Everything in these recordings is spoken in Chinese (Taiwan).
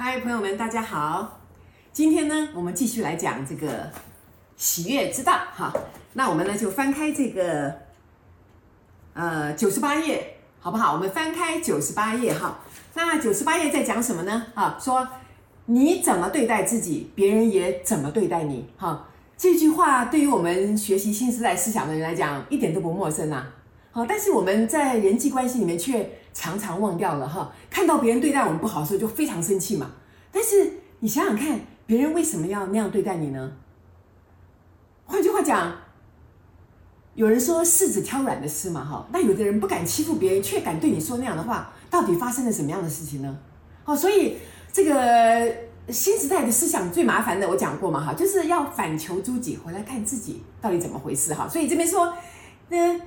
嗨，Hi, 朋友們，大家好。今天呢，我們繼續來講這個喜悅之道哈。那我們呢，就翻開這個呃九十八頁，好不好？我們翻開九十八頁哈。那九十八頁在講什麼呢？啊，說你怎麼對待自己，別人也怎麼對待你哈、啊。這句話對於我們學習新時代思想的人來講，一點都不陌生啊。但是我們在人際關係裡面卻常常忘掉了哈，看到別人對待我們不好的時候就非常生氣嘛。但是你想想看，別人為什麼要那樣對待你呢？換句話講，有人說柿子挑軟的吃嘛哈，那有的人不敢欺負別人，卻敢對你說那樣的話，到底發生了什麼樣的事情呢？哦，所以這個新時代的思想最麻煩的，我講過嘛哈，就是要反求諸己，回來看自己到底怎麼回事哈。所以這邊說，嗯、呃。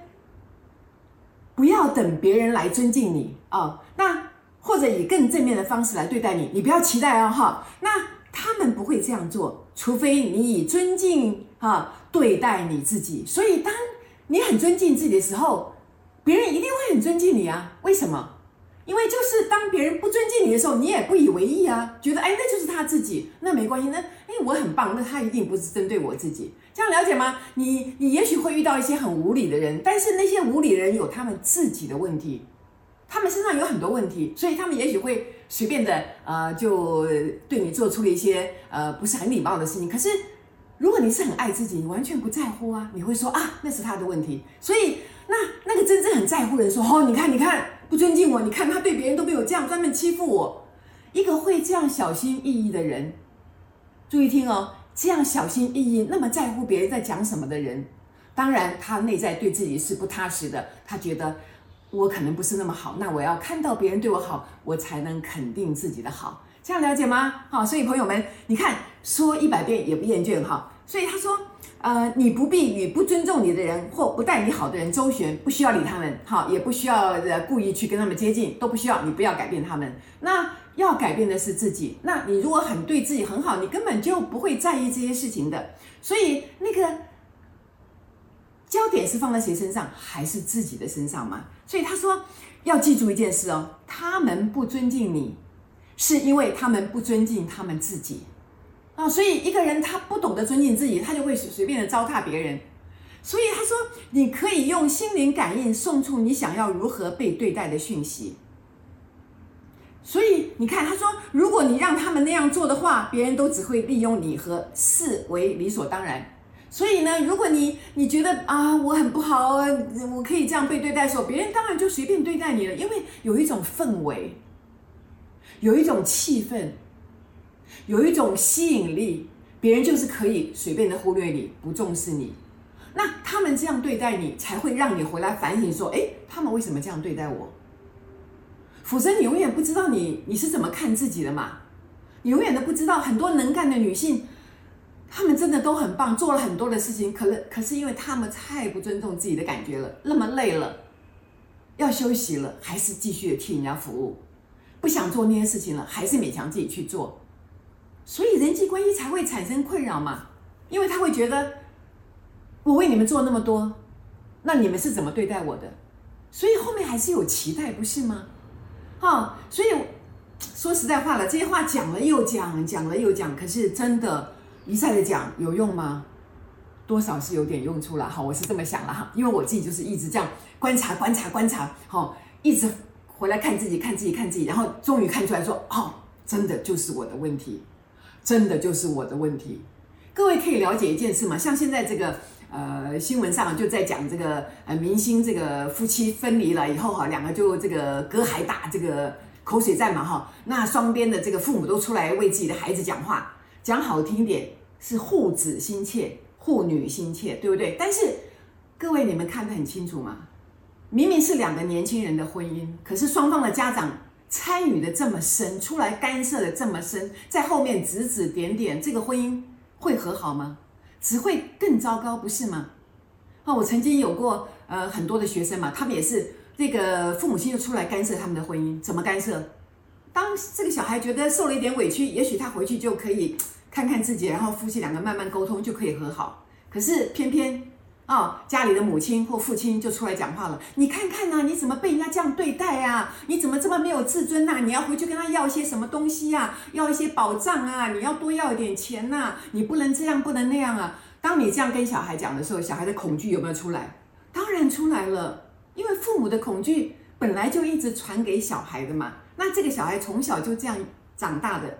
不要等別人來尊敬你啊、哦，那或者以更正面的方式來對待你，你不要期待哦哈、哦。那他們不會這樣做，除非你以尊敬啊、哦、對待你自己。所以，當你很尊敬自己的時候，別人一定會很尊敬你啊。為什麼？因為就是當別人不尊敬你的時候，你也不以為意啊，覺得哎，那就是他自己，那沒關係，那哎，我很棒，那他一定不是針對我自己。這樣了解嗎？你你也許會遇到一些很無理的人，但是那些無理的人有他們自己的問題，他們身上有很多問題，所以他們也許會隨便的呃就對你做出了一些呃不是很禮貌的事情。可是如果你是很愛自己，你完全不在乎啊，你會說啊，那是他的問題。所以那那個真正很在乎的人說哦，你看你看，不尊敬我，你看他對別人都沒有這樣，專門欺負我。一個會這樣小心翼翼的人，注意聽哦。這樣小心翼翼、那麼在乎別人在講什麼的人，當然他內在對自己是不踏實的。他覺得我可能不是那麼好，那我要看到別人對我好，我才能肯定自己的好。這樣了解嗎？好，所以朋友們，你看說一百遍也不厭倦哈。所以他說，呃，你不必與不尊重你的人或不待你好的人周旋，不需要理他們，好，也不需要呃故意去跟他們接近，都不需要。你不要改變他們。那。要改變的是自己。那你如果很對自己很好，你根本就不會在意這些事情的。所以那個焦點是放在誰身上，還是自己的身上嘛？所以他說要記住一件事哦，他們不尊敬你，是因為他們不尊敬他們自己啊。所以一個人他不懂得尊敬自己，他就會隨隨便的糟蹋別人。所以他說，你可以用心靈感應送出你想要如何被對待的訊息。所以你看，他說，如果你讓他們那樣做的話，別人都只會利用你和、和視為理所當然。所以呢，如果你你覺得啊，我很不好，我可以這樣被對待，的時候，別人當然就隨便對待你了，因為有一種氛圍，有一種氣氛，有一種吸引力，別人就是可以隨便的忽略你，不重視你。那他們這樣對待你，才會讓你回來反省說，哎，他們為什麼這樣對待我？否則你永遠不知道你你是怎麼看自己的嘛，你永遠都不知道。很多能幹的女性，她們真的都很棒，做了很多的事情，可能可是因為她們太不尊重自己的感覺了，那麼累了，要休息了，還是繼續替人家服務，不想做那些事情了，還是勉強自己去做，所以人際關係才會產生困擾嘛，因為她會覺得，我為你們做那麼多，那你們是怎麼對待我的？所以後面還是有期待，不是嗎？哈、哦，所以說實在話了，這些話講了又講，講了又講，可是真的，一再的講有用嗎？多少是有點用處了哈，我是這麼想了哈，因為我自己就是一直這樣觀察、觀察、觀察，哈、哦，一直回來看自己、看自己、看自己，然後終於看出來說，哦，真的就是我的問題，真的就是我的問題。各位可以了解一件事嗎？像現在這個。呃，新聞上就在講這個呃，明星這個夫妻分離了以後哈，兩個就這個隔海打這個口水戰嘛哈。那雙邊的這個父母都出來為自己的孩子講話，講好聽點是護子心切、護女心切，對不對？但是各位，你們看得很清楚嗎？明明是兩個年輕人的婚姻，可是雙方的家長參與的這麼深，出來干涉的這麼深，在後面指指點點，這個婚姻會和好嗎？只會更糟糕，不是嗎？我曾經有過呃很多的學生嘛，他們也是這、那個父母親就出來干涉他們的婚姻，怎麼干涉？當這個小孩覺得受了一點委屈，也許他回去就可以看看自己，然後夫妻兩個慢慢溝通就可以和好，可是偏偏，哦，家裡的母親或父親就出來講話了。你看看吶，你怎麼被人家這樣對待呀？你怎麼這麼沒有自尊吶？你要回去跟他要一些什麼東西啊？要一些保障啊？你要多要一點錢吶？你不能這樣，不能那樣啊！當你這樣跟小孩講的時候，小孩的恐懼有沒有出來？當然出來了，因為父母的恐懼本來就一直傳給小孩的嘛。那這個小孩從小就這樣長大的，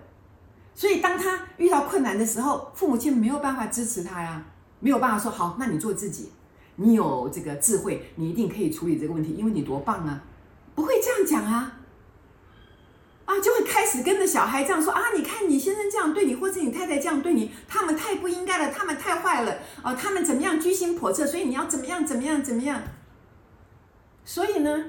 所以當他遇到困難的時候，父母親沒有辦法支持他呀。沒有辦法說好，那你做自己，你有這個智慧，你一定可以處理這個問題，因為你多棒啊！不會這樣講啊，啊，就會開始跟着小孩這樣說，啊，你看你先生這樣對你，或者你太太這樣對你，他們太不應該了，他們太壞了啊，他們怎麼樣居心叵測，所以你要怎麼樣，怎麼樣，怎麼樣。所以呢，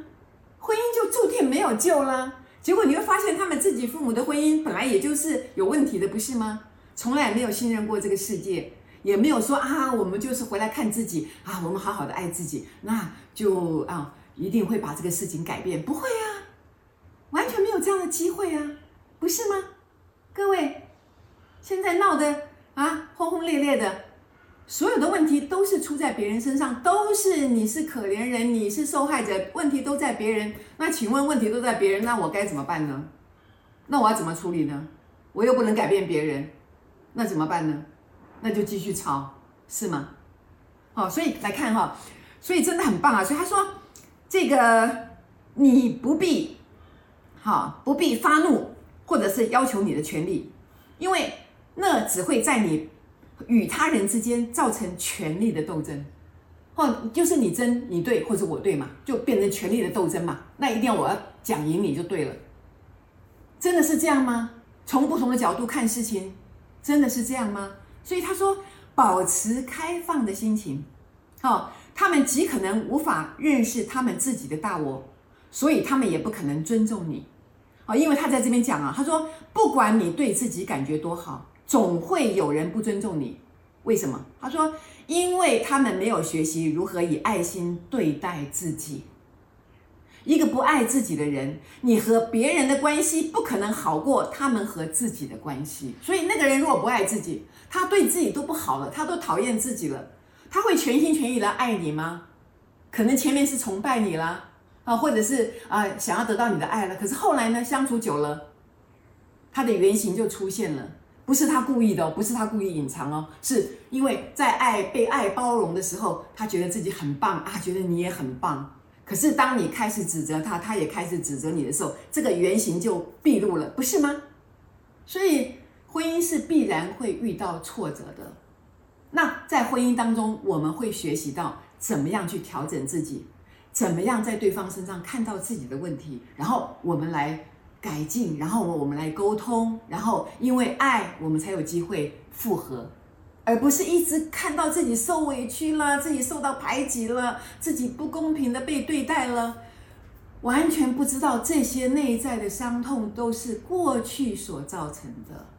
婚姻就注定沒有救了。結果你會發現，他們自己父母的婚姻本來也就是有問題的，不是嗎？從來沒有信任過這個世界。也沒有說啊，我們就是回來看自己啊，我們好好的愛自己，那就啊，一定會把這個事情改變。不會啊，完全沒有這樣的機會啊，不是嗎？各位，現在鬧得啊轟轟烈烈的，所有的問題都是出在別人身上，都是你是可憐人，你是受害者，問題都在別人。那請問問題都在別人，那我該怎麼辦呢？那我要怎麼處理呢？我又不能改變別人，那怎麼辦呢？那就繼續抄是嗎？好、哦，所以來看哈、哦，所以真的很棒啊！所以他說，這個你不必哈、哦，不必發怒，或者是要求你的權利，因為那只會在你與他人之間造成權力的鬥爭。哦，就是你爭你對，或者我對嘛，就變成權力的鬥爭嘛。那一定要我要講贏你就對了，真的是這樣嗎？從不同的角度看事情，真的是這樣嗎？所以他說，保持開放的心情，哦，他們極可能無法認識他們自己的大我，所以他們也不可能尊重你，哦，因為他在這邊講啊，他說，不管你對自己感覺多好，總會有人不尊重你。為什麼？他說，因為他們沒有學習如何以愛心對待自己。一個不愛自己的人，你和別人的關係不可能好過他們和自己的關係。所以那個人如果不愛自己，他對自己都不好了，他都討厭自己了，他會全心全意來愛你嗎？可能前面是崇拜你了啊，或者是啊、呃、想要得到你的愛了。可是後來呢，相處久了，他的原形就出現了，不是他故意的、哦、不是他故意隱藏哦，是因為在愛被愛包容的時候，他覺得自己很棒啊，覺得你也很棒。可是當你開始指責他，他也開始指責你的時候，這個原形就畢露了，不是嗎？所以。婚姻是必然會遇到挫折的，那在婚姻當中，我們會學習到怎麼樣去調整自己，怎麼樣在對方身上看到自己的問題，然後我們來改進，然後我們來溝通，然後因為愛，我們才有機會復合，而不是一直看到自己受委屈了，自己受到排擠了，自己不公平的被對待了，完全不知道這些內在的傷痛都是過去所造成的。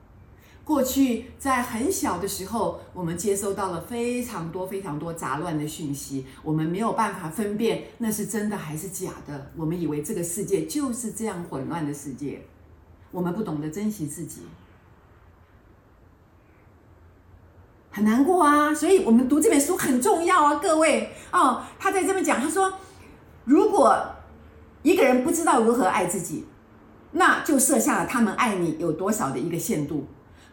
過去在很小的時候，我們接收到了非常多、非常多雜亂的訊息，我們沒有辦法分辨那是真的還是假的。我們以為這個世界就是這樣混亂的世界，我們不懂得珍惜自己，很難過啊。所以，我們讀這本書很重要啊，各位哦。他在這邊講，他說，如果一個人不知道如何愛自己，那就設下了他們愛你有多少的一個限度。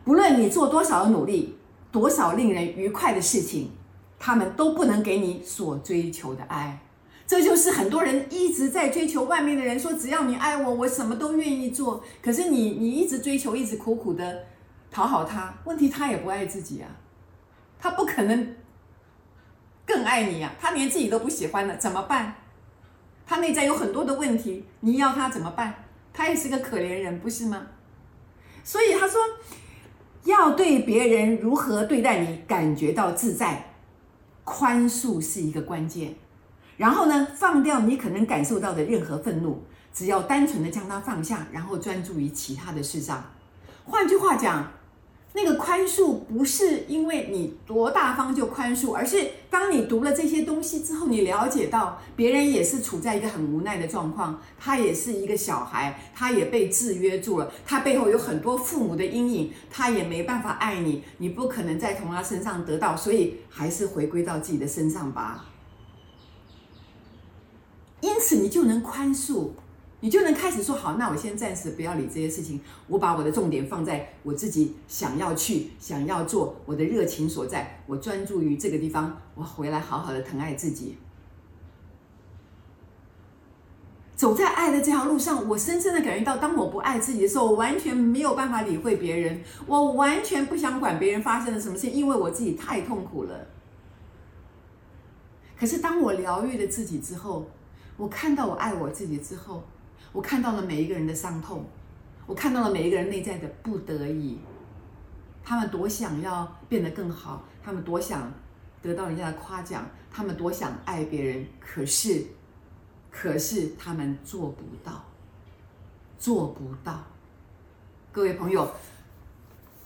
不論你做多少的努力，多少令人愉快的事情，他們都不能給你所追求的愛。這就是很多人一直在追求外面的人說：“只要你愛我，我什麼都願意做。”可是你你一直追求，一直苦苦的討好他，問題他也不愛自己啊，他不可能更愛你呀，啊，他連自己都不喜歡了，怎麼辦？他內在有很多的問題，你要他怎麼辦？他也是個可憐人，不是嗎？所以他說。要對別人如何對待你感覺到自在，寬恕是一個關鍵。然後呢，放掉你可能感受到的任何憤怒，只要單純的將它放下，然後專注於其他的事上。換句話講。那個寬恕不是因為你多大方就寬恕，而是當你讀了這些東西之後，你了解到別人也是處在一個很無奈的狀況，他也是一個小孩，他也被制約住了，他背後有很多父母的陰影，他也沒辦法愛你，你不可能再從他身上得到，所以還是回歸到自己的身上吧。因此，你就能寬恕。你就能開始說好，那我先暫時不要理這些事情，我把我的重點放在我自己想要去、想要做、我的熱情所在，我專注於這個地方，我回來好好的疼愛自己。走在愛的這條路上，我深深地感覺到，當我不愛自己的時候，我完全沒有辦法理會別人，我完全不想管別人發生了什麼事，因為我自己太痛苦了。可是當我療癒了自己之後，我看到我愛我自己之後。我看到了每一個人的傷痛，我看到了每一個人內在的不得已，他們多想要變得更好，他們多想得到人家的誇獎，他們多想愛別人，可是，可是他們做不到，做不到。各位朋友，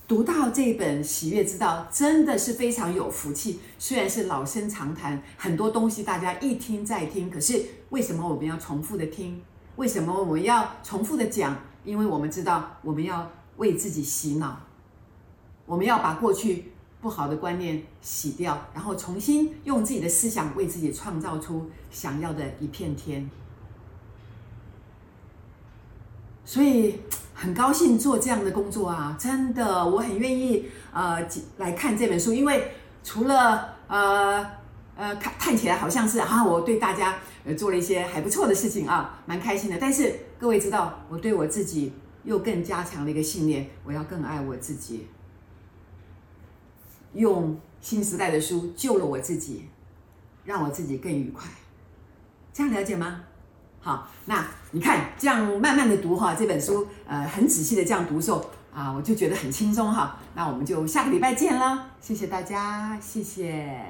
讀到這本《喜悅之道》，真的是非常有福氣。雖然是老生常談，很多東西大家一聽再聽，可是為什麼我們要重複的聽？為什麼我們要重複的講？因為我們知道，我們要為自己洗腦，我們要把過去不好的觀念洗掉，然後重新用自己的思想為自己創造出想要的一片天。所以很高興做這樣的工作啊！真的，我很願意呃來看這本書，因為除了呃。呃，看看起來好像是啊，我對大家呃做了一些還不錯的事情啊，蠻開心的。但是各位知道，我對我自己又更加強了一個信念，我要更愛我自己。用新時代的書救了我自己，讓我自己更愉快。這樣了解嗎？好，那你看這樣慢慢的讀哈，這本書呃很仔細的這樣讀的時候啊，我就覺得很輕鬆哈。那我們就下個禮拜見啦，謝謝大家，謝謝。